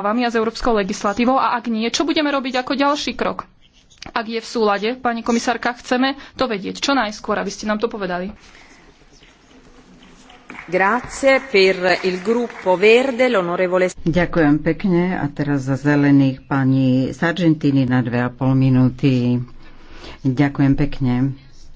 právami a s európskou legislatívou a ak nie, čo budeme robiť ako ďalší krok? Ak je v súlade, pani komisárka, chceme to vedieť čo najskôr, aby ste nám to povedali. Ďakujem pekne a teraz za zelených pani Sargentini na dve a pol minúty. Ďakujem pekne.